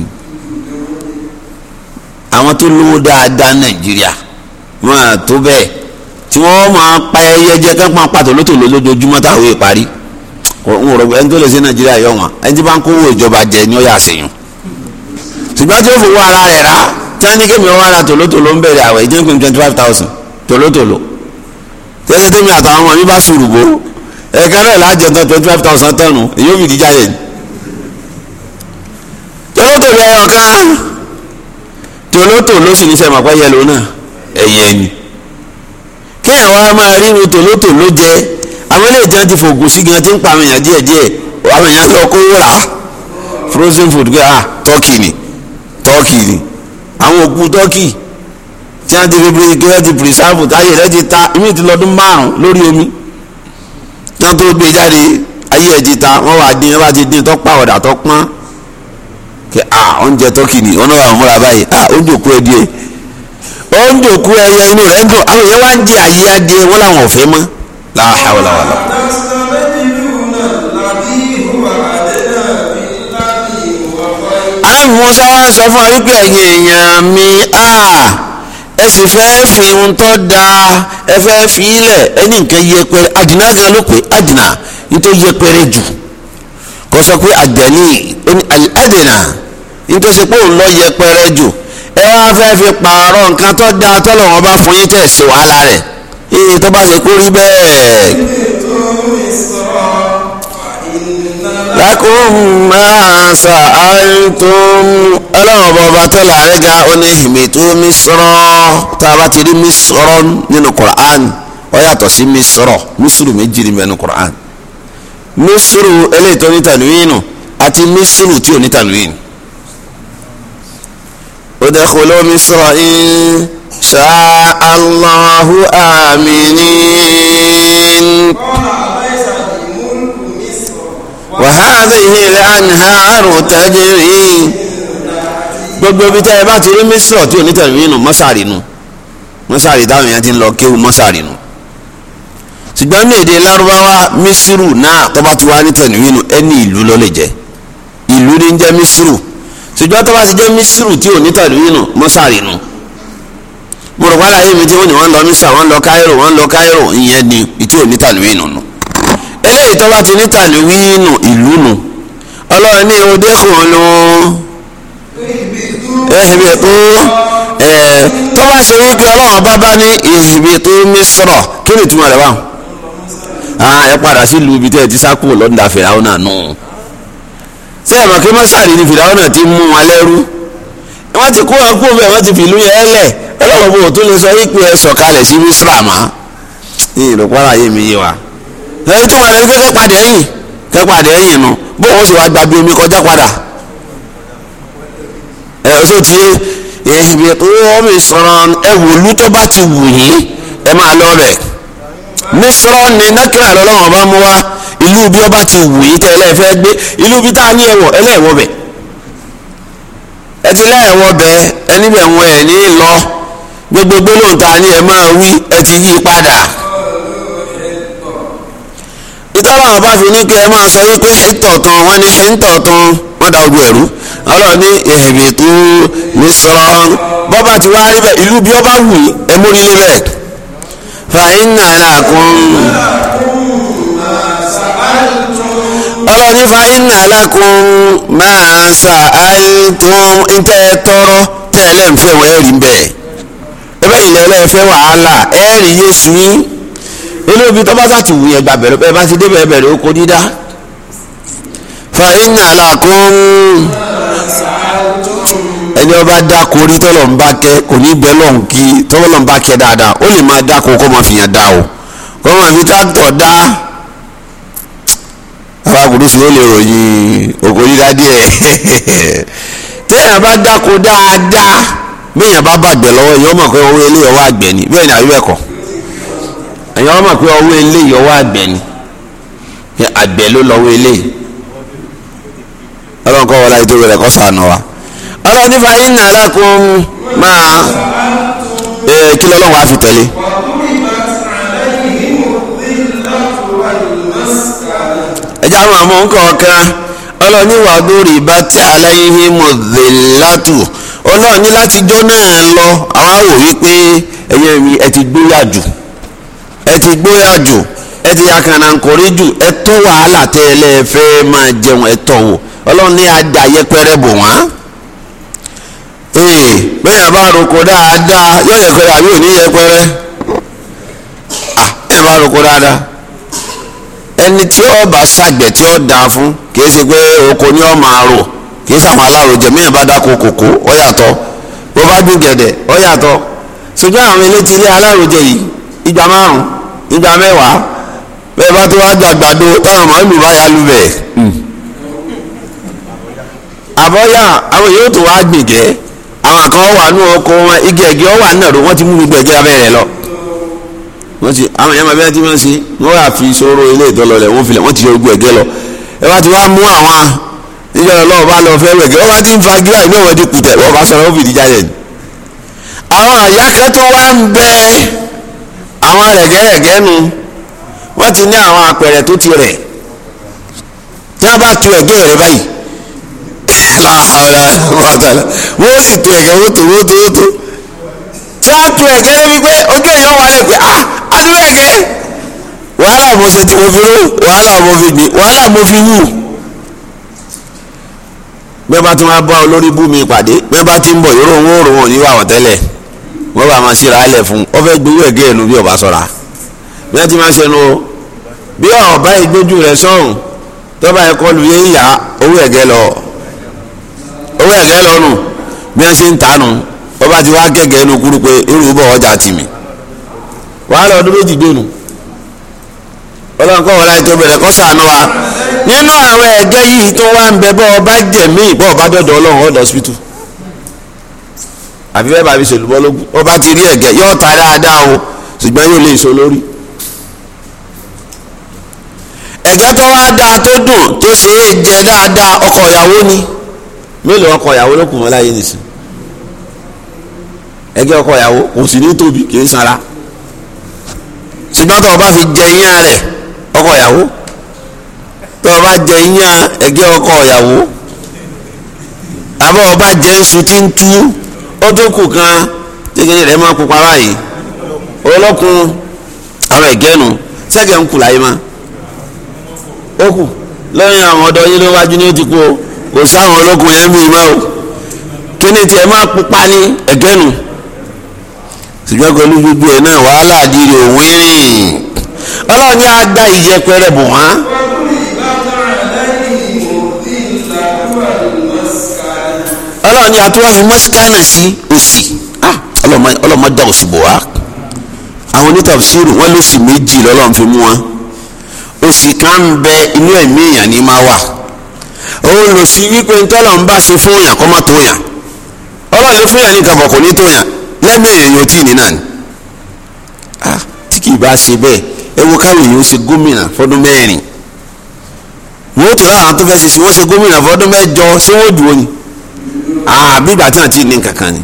àwọn tó lówó dáadáa Nàìjíríà wọn à tó bẹ́ẹ̀ tí wọ́n máa pa ẹyẹ jẹ kán máa pàtó lótòló lójoojúmọ́ táwọn yìí parí n rò ẹni tó lè ṣe nàìjíríà yọ wọn ẹni tí bá ń kówó ìjọba jẹ ni ó yà sèyàn ṣùgbọ́n tí ó fowó ara rẹ̀ rà tí kémi ọwọ́ ara tòlótòló ń bẹ̀rẹ̀ àwẹ̀ ìjẹun pé twenty five thousand tòlótòló tí wọ́n tẹ́mi àtàwọn ọmọ mi bá ṣùrùgbó ẹ̀ka náà lájẹ tán twenty five thousand tọ́nu èyí ò mi jíjà yẹn tòlótòló ẹ̀rọ kan tòlótòló sì ní sẹ́mi àpáyẹ lónà ẹ̀yẹ kí àwọn a máa ríru tòlótòló jẹ àwọn ilé ìjẹun ti fògùn sí gan ti ń pa àwọn èèyàn díẹ̀ díẹ̀ àwọn èèyàn lọ kó rà á frozen food gbé ah turkey ni turkey ni àwọn òkú turkey tí wọ́n ti fi bí igi rẹ̀ ti preserve táyé rẹ̀ ti ta imí ti lọ́dún márùn lórí omi tí wọ́n tó gbé e jáde ayé ẹ̀ ta wọ́n wà dín wọ́n ti dín tọ́pá ọ̀dà tọ́pọ́n kí ah oúnjẹ turkey ni wọ́n náà wà fúnra báyìí ah oúnjẹ òkú ẹ̀ díẹ̀. ó ń ẹyẹ inú rẹ̀ ń dùn wá ń wọn làwọn ò fẹ́ mọ́ láhàwọ̀láwàlá. àbí Musa wá sọ fún wa wípé ẹ̀yin èèyàn mi á ẹ sì fẹ́ fi ohun tó dáa ẹ fẹ́ fi ilẹ̀ ẹni nǹkan yẹpẹrẹ àjìnà gan ló pé àjìnà jù sọ pé pé òun lọ jù. ẹ wá fẹ́ fi pààrọ̀ nǹkan tó dáa tọ́lọ̀ wọn bá fún yín tẹ̀ sí wàhálà rẹ̀ iye tó bá ṣe kó rí bẹ́ẹ̀. lakum ma sa'altum ọlọ́run ọba tọ́lọ̀ àrẹ́gà ó ní ihmitu Misra tá a bá ti rí Misra nínú Qur'an ó yàtọ̀ sí Misra Misru méjì ní mẹ́nu Qur'an Misru eléyìí tó ní tanwin àti Misru tí ò ní tanwin. ادخلوا مصر إن شاء الله آمنين وهذه الأنهار تجري gbogbo ibi tẹ́ ẹ bá ti rí mísírọ̀ tí onítẹ̀rí nínú mọ́sàrì nù mọ́sàrì táwọn èèyàn ti ń lọ kéwu mọ́sàrì nù ṣùgbọ́n ní èdè lárúbáwá mísírù náà tó ti wá ní tẹ̀nìwínú ẹni ìlú ló jẹ́ ìlú ní ń jẹ́ mísírù ṣùgbọ́n tó bá ti jẹ́ mísírù tí ò ní tẹ̀lú mọ́sàrì nù mo rò wáyà yìí mi tí wọ́n ní wọ́n lọ mísà wọ́n lọ káírò wọ́n lọ káírò ìyẹn ni tí nù eléyìí tó ti ní tẹ̀lú yìnyín ìlú nù ọlọ́run ní ewu dẹ́kun ló ehibi tó ẹ tó bá ṣe wípé ọlọ́run bá bá ní ehibi tó kí ni ìtumọ̀ rẹ̀ wá ah, ẹ padà sí ibi tẹ́ ẹ ti sá kúrò lọ́dún dàfẹ́ àwọn ṣé ẹ̀ mọ̀ kí mọ́ṣáàrí fìdáwọ́ náà ti mú wọn lẹ́rú wọ́n ti kó wọn kú wọ́n ti fìlú yẹn lẹ̀ ọlọ́wọ́ bò tó lè sọ wípé ẹ sọ̀kalẹ̀ sí Mísírà ní ìlòpárà yé mi yé wa ẹni tó wọn ẹgbẹ́ kẹ́pàdé ẹ̀yìn kẹ́pàdé ẹ̀yìn nu bó wọn sì wá gba bí omi kọjá padà ẹ ọsọ ti yé tó mi sọrọ ẹ tó bá ti wù yín ẹ máa lọ ni ìlú bí ọba ti wù yí tẹ́lẹ̀ fẹ́ gbé ìlú bí tá a ní ẹ̀wọ̀n ẹlẹ́wọ̀n bẹ̀ ẹ ti bẹ̀ ẹ ẹ̀ ní lọ gbogbo gbólóhùn ni ẹ máa wí ẹ ti yí padà bá fi ní ma ẹ máa sọ wípé ẹ̀ńtọ̀ kan wọ́n ní ẹ̀ńtọ̀ kan wọ́n da ogun ẹ̀rú ọlọ́run ní ẹ̀rẹ̀ tó ní sọ̀rọ̀ bọ́bá ti wá rí bẹ́ẹ̀ ọba wù ẹ mórí lé bẹ́ẹ̀ fàáyín ọlọ́run ní fàáyínà alákùn máa sa àìtún ntẹ́ tọrọ tẹ́ ẹ lẹ́nu fún ẹ̀rí bẹ́ẹ̀ ẹbẹ́ yìí lẹ́nu ẹ̀fẹ́ wàhálà ẹ̀rí yé sí nínú ibi tó bá sàtì wù yẹn gbà bẹ̀rẹ̀ pé bá ti dé bẹ̀rẹ̀ bẹ̀rẹ̀ oko dídá fàáyínà alákùn ẹni ọba dáko orí tọ́lọ̀ ń bá tẹ kò ní bẹ́ẹ̀ lọ́n kí tọ́lọ̀ ń bá kẹ dáadáa ó lè máa dáko kó máa fìyàn dá o kó máa fi tractor dá. burú sí ó lè ròyìn ògo díẹ̀ [LAUGHS] téèyàn bá dáko dáadáa béèyàn bá bàgbẹ̀ lọ́wọ́ èyàn mọ̀ pé eléyìí ọwọ́ àgbẹ̀ ni àbí bẹ́ẹ̀ kọ́ mọ̀ pé eléyìí ọwọ́ àgbẹ̀ ni àgbẹ̀ ló lọ́wọ́ eléyìí ọlọ́run kọ́ wọlé rẹ̀ wa ọlọ́run máa eh, kí lọ́lọ́run á fi táwọn mú kọ̀ọ̀kan ọlọ́ni wàdúrì bá ti aláìhí mọ̀dẹ́látù ọlọ́ni láti jọ́ náà lọ àwa wò wípé ẹ̀yẹ́ mi ẹ ti gbóyà jù ẹ ti gbóyà jù ẹ ti yàkànnà nkọ̀rí jù ẹ tó wàhálà tẹ́ ẹ lẹ́ẹ̀fẹ́ máa jẹun ẹ tọ̀ wò ọlọ́run ní yẹpẹrẹ bò wọ́n ee bẹ́ẹ̀ bá roko dáadáa yọ yẹpẹrẹ àbí òní yẹpẹrẹ ah, bá roko ẹni tí ó bá ṣàgbẹ̀ tí ó dáa fún kì í ṣe pé oko ni ó máa rò kì í ṣàwọn alárojẹ mìíràn bá dáko kòkó ó yàtọ̀ bó bá dùn gẹ̀dẹ̀ ó yàtọ̀ àwọn ilé alárojẹ yìí igba márùn mẹ́wàá bẹ́ẹ̀ bá tó wá bá yà lù àbọ̀yà àwọn yóò tó wá gbìngẹ́ àwọn kan wà nù oko wọn igi ẹ̀gẹ́ wà wọn ti mú mi abẹ́rẹ́ lọ. wọ́n ti àwọn èèyàn máa bí wọ́n ti máa ṣe wọ́n wà fi sóró ilé ìtọ́lọ́lẹ̀ wọ́n filẹ̀ wọ́n ti yọ ogun ẹ̀gẹ́ lọ ẹ bá ti wá mú àwọn níjọ́ lọ́wọ́ bá lọ fẹ́ wẹ̀gẹ́ wọ́n bá ti ń fa gíláà ìgbé wọn ti kùtẹ̀ wọ́n bá sọ̀rọ̀ fìdí jáde ni. àwọn àyà kan tó wá ń bẹ àwọn rẹ̀gẹ́rẹ̀gẹ́ nu wọ́n ti ní àwọn apẹ̀rẹ̀ tó ti rẹ̀ tí wọ́n bá tu ẹ̀gẹ́ rẹ̀ báyìí wọ́n sì tu ẹ̀gẹ́ wọ́n tó wọ́n tó wọ́n tó tí wọ́n tu ẹ̀gẹ́ débi pé ojú ẹ̀yàn wọlé pé ah síbẹ̀ kẹ́ wàhálà mo ṣe mo ti ń bọ̀ ní tẹ́lẹ̀ wọ́n bá máa ṣíra fún un fẹ́ gbowó ẹ̀gẹ́ bí ọba sọ̀ra ti máa bí ọba ìgbójú rẹ̀ tọ́ba ẹ̀kọ́ lu yé ìyá owó ẹ̀gẹ́ lọ owó ẹ̀gẹ́ lọ nù bí wọ́n ṣe ń ọba ti wá kúrú wàhálà ọdún méjì gbénu ọlọ́run kọ́ wọlé àìtó bẹ̀rẹ̀ kọ́ sànú wa nínú àwọn ẹ̀jẹ̀ yìí tó ń bẹ ọba jẹ̀mí ìbọ̀ ọba dọ̀dọ̀ ọlọ́run ọ̀dọ̀ hospital àbí bẹ́ẹ̀ bá ọba ti rí ẹ̀gẹ́ yóò ta dáadáa o ṣùgbọ́n yóò lè so lórí. ẹ̀gẹ́ tó wá tó dùn tó ṣe é jẹ ọkọ ìyàwó ni ọkọ ìyàwó ló kù wọn ọkọ ìyàwó kò sì ní tóbi kì í ṣùgbọ́n tó o bá fi jẹ iyán rẹ̀ ọkọ ìyàwó tó o bá jẹ iyán ẹ̀gẹ́ ọkọ ìyàwó àbọ̀ ọba jẹ́ iṣu tí ń tú ó tó kù kan kékeré rẹ̀ máa pupa báyìí olókun àwọn ẹ̀gẹ́ nu sẹ́kẹ̀ ń kù láyé máa ó kù lọ́yìn àwọn ọ̀dọ́ yín ló wájú ní ó ti o kò sáwọn olókun yẹn bí i máa o kí ni tiẹ̀ máa pupa ní ẹ̀gẹ́ nu ṣùgbọ́n pẹ̀lú gbogbo ẹ̀ náà wàhálà àdìrẹ òun rìn ọlọ́run ní ada ìyẹpẹrẹ bò wọ́n. ọlọ́run ní atúwáyé mọ́síkánà sí òsì ọlọ́mọ dá òsì bò wá àwọn onítàfsírù wọn lóṣù méjì lọ́lọ́run fi mú wọn òsì kan ń bẹ inú ẹ̀mí èèyàn ní máa wà òun lòsì wípé ntọ́lọ̀ bá ṣe fún yàn kọ́mọ́ tó yàn ọlọ́run lè fún yàn ní nǹkan kò ní tó yàn. lẹ́mìí èèyàn tí ìnínà ni ah, tí kì í bá ṣe bẹ́ẹ̀ ẹ wo káwọn èèyàn ṣe gómìnà fọdún mẹ́rin wọ́n tó láwọn tó fẹ́ ṣe sí wọ́n ṣe gómìnà fọdún mẹ́jọ ṣé wọ́n dùn ó ni àbí ah, ìgbà tí wọ́n ti ní kankan ni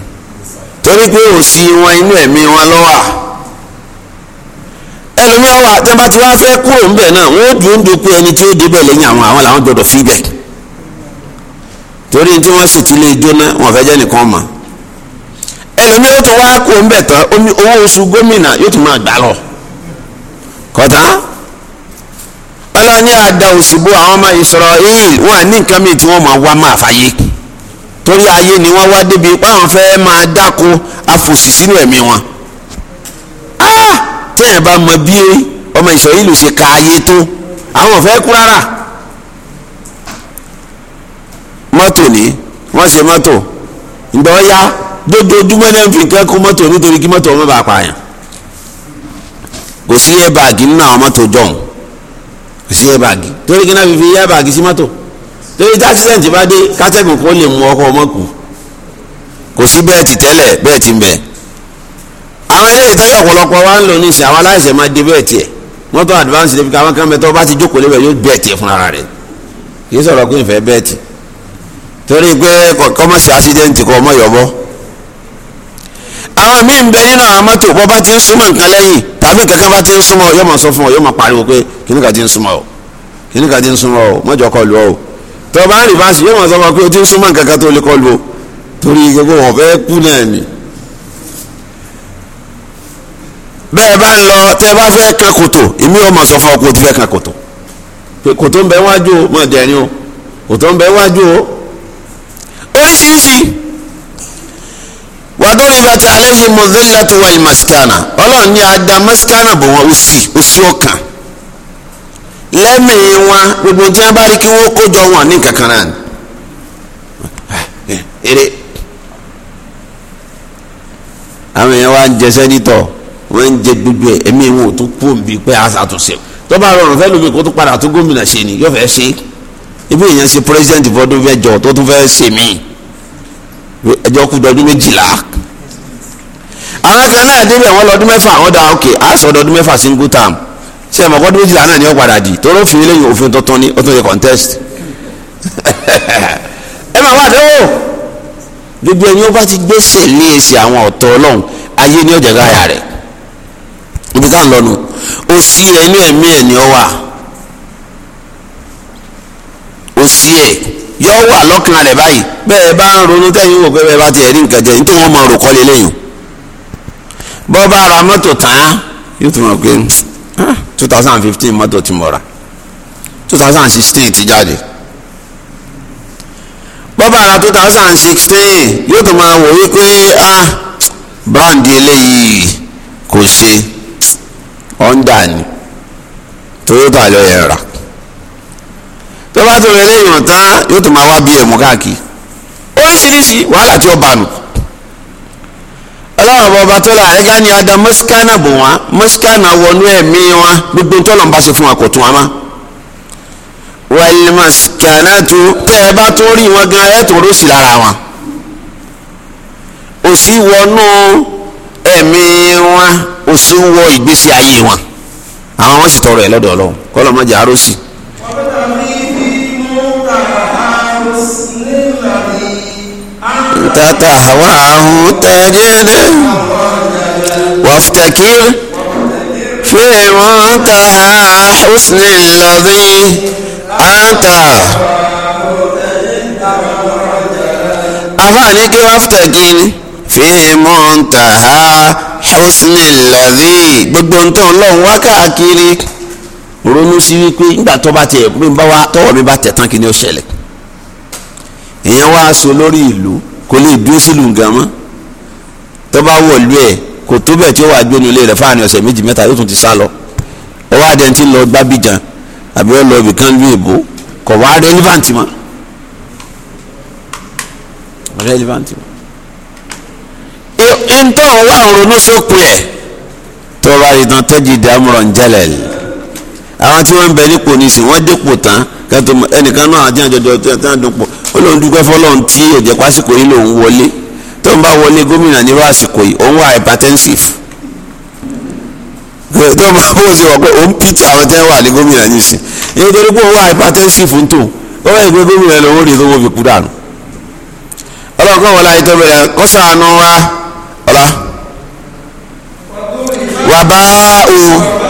torí pé òsì wọn inú ẹ̀mí wọn lọ́wọ́ ẹlòmíràn wà tí wọ́n fẹ́ kúrò ńbẹ̀ náà wọ́n dùn ó ń dupò ẹni tí ó débẹ̀ lẹ́yìn àwọn àwọn làwọn gbọdọ̀ fi bẹ̀ torí tí jóná wọn fẹ́ jẹ́ nìkan mọ̀ ẹlòmíì yóò tún wá kó ń bẹ̀ tán omi owó oṣù gómìnà yóò tún máa gbà lọ kọ̀tá ọlọ́ni àdá òṣìbò àwọn ọmọ Ísírẹ́lì wọn ní nǹkan mìíràn tí wọ́n máa wá máa fàyè torí ayé ni wọ́n wá débi pé àwọn fẹ́ máa dáko afòsì sínú ẹ̀mí wọn ah! téèyàn bá mọ bí ọmọ Ísírẹ́lì ṣe ka ayé tó àwọn fẹ́ kú rárá mọ́tò ni wọ́n ṣe mọ́tò ìgbà ó yá dojoojúmọ́ náà fi moto kó mọ́tò nítorí kí mọ́tò ọmọ bá pààyàn kò sí ẹ́bàgì nínú àwọn mọ́tò jọ̀hún kò sí ẹ́bàgì torí kí náà fi fi ẹ́bàgì sí mọ́tò torí táṣídẹ̀ǹtì bá dé kátẹ́gùn kó lè mú ọkọ ọmọ kù kò sí bẹ́ẹ̀tì tẹ́lẹ̀ ń àwọn eléyìí ọ̀pọ̀lọpọ̀ wa ń lò ní ìsìn àwọn aláìsẹ̀ máa dé advance lè fi bá ti jókòó lébẹ̀ yóò kì í sọ̀rọ̀ pé ìfẹ́ torí pé kọ́mọ̀sì accident kọ́ ọmọ yọ̀bọ́ àwọn míì ń bẹ nínú àwọn mọ́tò bọ́ bá ti ń súnmọ́ nǹkan lẹ́yìn tàbí kankan bá ti sọ fún ọ yóò máa pariwo pé kíní kan ti ń súnmọ́ ọ kíní ka ti ń súnmọ́ ọ mọ́jọ kọ o tó o bá ń rìfáàsì yóò máa sọ fún ọ pé o ti ń súnmọ́ nǹkan kan tó lè o torí gbogbo wọn fẹ́ kú náà ni. bẹ́ẹ̀ bá ń lọ bá fẹ́ kan kòtò èmi yóò máa sọ fún ọ pé o ti fẹ́ kan kòtò kòtò ń bẹ wájú o mọ̀ fadarabat alayhi mudillatu wal maskana ọlọ́run ní ada maskana bò wọ́n òsì òsì ọkàn lẹ́mìí wọn gbogbo tí wọ́n bá rí kí wọ́n kójọ wọn ní kankan náà èrè eh, àwọn èèyàn wa ń jẹ sẹ́dítọ̀ wọ́n ń jẹ gbogbo ẹ̀ ẹ̀mí wọn ò tún kú òǹbí pé àtúnṣe tó bá rọrùn fẹ́ lómi kó tó padà tó gómìnà ṣe ni yóò fẹ́ ṣe ibi èèyàn ṣe pírẹsidẹ́ǹtì fọdún fẹ́ jọ tó tún fẹ́ ṣe míì ẹjọ́ kú dọdún méjìlá àwọn kan náà débẹ̀ wọ́n lọ́dún mẹ́fà wọ́n dá ok àìsàn ọdún mẹ́fà single term ṣe é mọ̀kọ́ ọdún méjìlá náà ni ó padà di tó ló fi lẹ́yìn òfin tuntun ni ó tún yẹ contest [LAUGHS] ẹ máa wá àdéhùn gbogbo ẹni ó bá ti gbèsè ní èsì àwọn ọ̀tọ̀ ọlọ́run ayé ní ọ̀jẹ̀ gáyà rẹ̀ ibi tá ń lọ nu òsì ẹ̀ ní ẹ̀mí ẹ̀ ní ọ wà òsì ẹ̀ yọ wà lọ́kàn rẹ̀ báyìí bẹ́ẹ̀ bá ń ronú tẹ́yìn wò pé bẹ́ẹ̀ bá tiẹ̀ rí nǹkan jẹ nítorí wọ́n máa rò kọ́ lélẹ́yìn bọ́ bá ra mọ́tò tán yóò tún mọ̀ pé two thousand and fifteen mọ́tò ti mọ̀ ra two thousand and sixteen ti jáde bọ́ bá ra two thousand and sixteen yóò tún máa wò wípé ah brand eléyìí kò ṣe Honda ni Toyota ló yẹ tó bá tó rẹ̀ lẹ́yìn ma yóò tó máa wá bí ẹ̀mú káàkiri oríṣiríṣi wàhálà tí ó bá nù ọlọ́run ọba tó la ẹ̀gá ni ada mọ́síkánà bò wọ́n mọ́síkánà wọnú ẹ̀mí wọn gbogbo tọ́lọ̀ ń bá ṣe fún wa kò tún wa mọ́. wàlẹ̀ mọ́síkánà tó tẹ́ ẹ bá tó rí wọn gan ẹ̀ tó rọ́ọ̀sì lára wọn. òṣì wọnú ẹ̀mí wọn òṣì ń wọ ìgbésí ayé wọn àwọn wọn sì tọrọ ẹ lọ́dọ̀ ọlọ́run kọ́lọ́ mọ́jà arósì. ọ̀pẹ́ tàbí تطهواه تجد وافتكر في منتهى حسن الذي أتى أفعني كيف أفتكر في منتهى حسن الذي gbogbo ntọ́ ọlọ́run wá káàkiri ronú sí wípé nígbà tó bá tẹ̀ pé tọwọ́ mi bá tẹ̀ tán kí ni ó ṣẹlẹ̀ èèyàn wá aṣọ lórí ìlú kò lè dúró sílùú nǹkan mọ́ tó bá wọ̀lú ẹ̀ kò tó bẹ̀ tí ó wà gbénu ilé rẹ̀ fáàní ọ̀sẹ̀ méjì mẹ́ta yóò tún ti sá lọ ọwọ́ adé ti lọ gbábìjàn àbí ọ lọ ibìkan lu èbó kò wá relevant mọ́ relevant mọ́ ntọ́ wà ronú sókun ẹ̀ tọ́ba ìtàn tẹ́jì dàmúrọ̀ ń jẹlẹ̀ àwọn tí wọ́n ń bẹ nípò nísìn wọ́n dépò tán kẹ́tọ́ ẹnìkan náà àti àjọjọ tí wọ́n dùn pọ̀ ó lóun dúpẹ́ fọlọ́run tí òjẹ́ pásìkò yìí lòun wọlé tó ń bá wọlé gómìnà nírú àsìkò yìí òun wà hypertensive tó ń bá bóun ṣe wọ̀ pé òun pìtì àwọn tẹ́ wà ní gómìnà yìí sí nítorí pé òun wà hypertensive ń tò ó bá ìgbé gómìnà lòun ò rí tó wọ́n fi kú dànù ọlọ́run wọn láyé tó bẹ̀rẹ̀ kọ́sàánú wa ọ̀la wàbá o.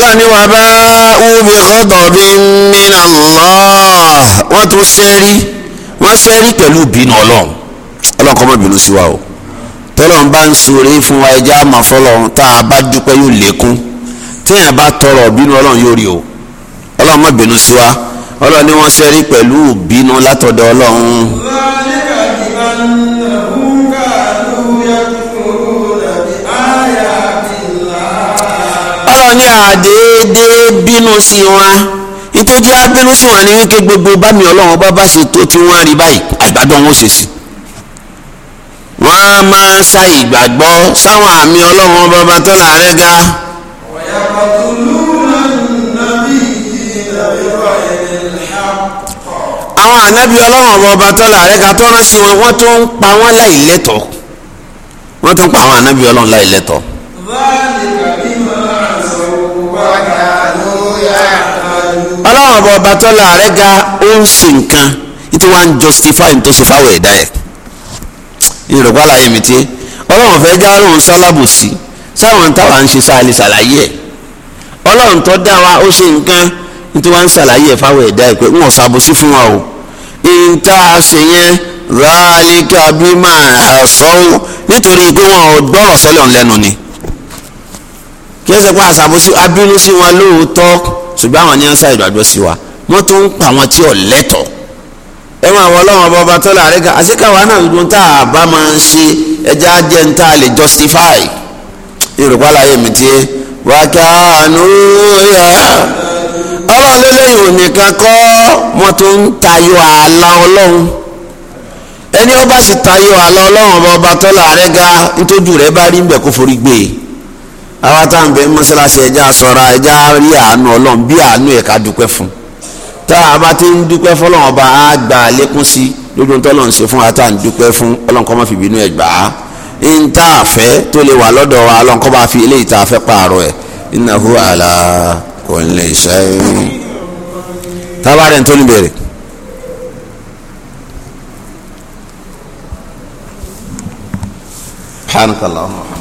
ọlọ́ni wà bá ubi ọ̀dọ̀bí nínà Allah. wọ́n tó sẹ́rí wọ́n sẹ́rí pẹ̀lú bínú ọlọ́run ọlọ́run kọ́ mọ́ bínú sí wa o tọ́lọ́run bá ń sọ̀rọ̀ fún wa ẹja àmà fọlọ́run tá a bá dúpẹ́ yóò lékún téèyàn bá tọrọ bínú ọlọ́run yóò rí o ọlọ́run mọ́ bínú sí wa ọlọ́run wọ́n sẹ́rí pẹ̀lú bínú látọ̀dọ̀ ọlọ́run. ọlọ́run ní àdéédé bínú sí wọn nítorí abínú sí wọn ni wípé gbogbo bámi ọlọ́run bá bá ṣe tó tí wọ́n rí báyìí àìgbàgbọ́ wọn ṣe sí wọ́n á máa sa ìgbàgbọ́ sáwọn àmì ọlọ́run bàbá tó láàrin ga. àwọn ànábì ọlọ́run bàbá tó láàrin ga tó rán sí wọn wọ́n tó ń pa wọ́n láì lẹ́tọ̀ọ́ wọ́n tó ń pa àwọn ànábì ọlọ́run láì lẹ́tọ̀ọ́. báyìí kàbí ọlọ́run ọba ọba tọ́lá rẹ̀ ga ó ń ṣe nǹkan tí wọ́n á ń justify tó ṣe fáwọn ẹ̀dá ẹ̀ ìrọ̀pá àlàyé mi tiẹ́ ọlọ́run fẹ́ já lóun sálábòsí sáwọn táwa ń ṣe sáà lè ṣàlàyé ẹ̀ ọlọ́run tó dá wa ó ṣe nǹkan tí wọ́n ń ṣàlàyé ẹ̀ fáwọn ẹ̀dá ẹ̀ pé wọ́n ṣàbòsí fún wa o ìta ṣe yẹn ráàlíkà bí máa àṣọwò nítorí pé wọn ò gbọ́rọ̀ sọ́lọ̀ lẹ́nu ni kí ẹ sẹ́ pé abínú sí wọn lóòótọ́ ṣùgbọ́n àwọn yẹn ń ṣàìdọ̀ àdó sí wa wọ́n tún ń pa tí ò lẹ́tọ̀ ẹ máa ọlọ́run ọba ọba tó la ká àṣekàwá náà dùn tá a bá máa ń ṣe ẹja jẹ́ ń tá a lè justify yorùbá láyé mi ti ọlọ́run lélẹ́yìn kọ́ wọ́n tún ń tayọ ọlọ́run ẹni sì tayọ ọba ọba tó nítòjú bá rí ń bẹ̀ kó forí e. àwa tá à ń bẹ mọ́ṣáláṣí ẹja sọ̀ra ẹja rí àánú ọlọ́run bí àánú ẹ̀ka dúpẹ́ fún tá a bá ti ń dúpẹ́ fọlọ́run ọba á gbà lékún sí lójú tó lọ́n ṣe fún wa tá à ń dúpẹ́ fún ọlọ́run kó má fi bínú ẹ̀ gbà á ń tá a fẹ́ tó lè wà lọ́dọ̀ wa ọlọ́run kó bá fi eléyìí tá a fẹ́ pààrọ̀ ẹ̀ innahu ala kulli shay'in tábàárẹ̀ tó ní bèrè. سبحانك اللهم وبحمدك